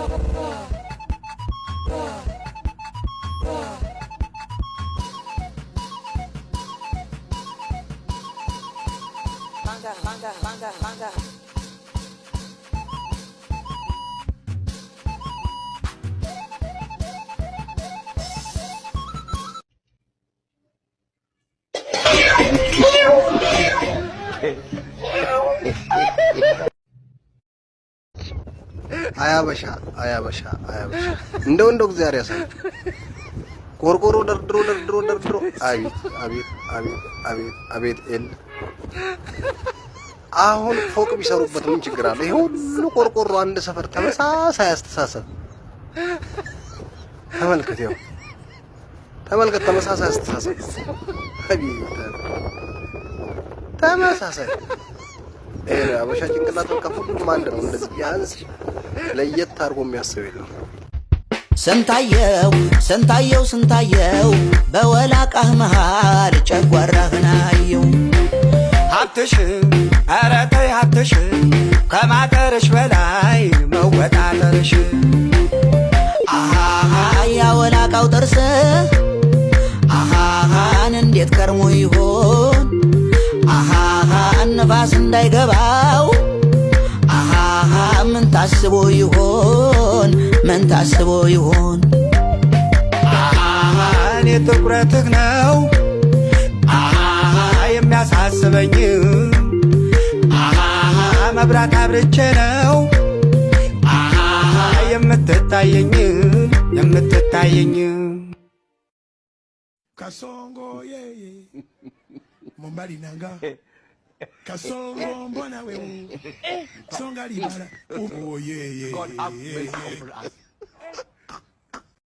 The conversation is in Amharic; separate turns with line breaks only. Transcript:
Banda, banda, Yeah. አያበሻ አያበሻ አያበሻ እንደው እንደው እግዚአብሔር ያሳይ። ቆርቆሮ ደርድሮ ደርድሮ ደርድሮ አቤት አቤት አቤት አቤት አቤት ኤል አሁን ፎቅ ቢሰሩበት ምን ችግር አለ? ይሄ ሁሉ ቆርቆሮ አንድ ሰፈር ተመሳሳይ አስተሳሰብ ተመልከት፣ ያው ተመልከት፣ ተመሳሳይ አስተሳሰብ ተመሳሳይ አበሻ ጭንቅላት በቃ ሁሉም አንድ ነው። እንደዚህ ቢያንስ ለየት አድርጎ የሚያስብ የለም።
ስንታየው ስንታየው ስንታየው በወላቃህ መሃል ጨጓራህን አየው ሀብትሽ ኧረ ተይ ሀብትሽ ከማጠርሽ በላይ መወጣጠርሽ ነፋስ እንዳይገባው አሃሃ ምን ታስቦ ይሆን ምን ታስቦ ይሆን አሃሃ እኔ ትኩረትህ ነው አሃሃ የሚያሳስበኝ አሃሃ መብራት አብርቼ ነው የምትታየኝ የምትታየኝ ከሶንጎ yeye mombali Kasongo mbona we eh. songa libala. Oh yeah yeah. God up will comfort us.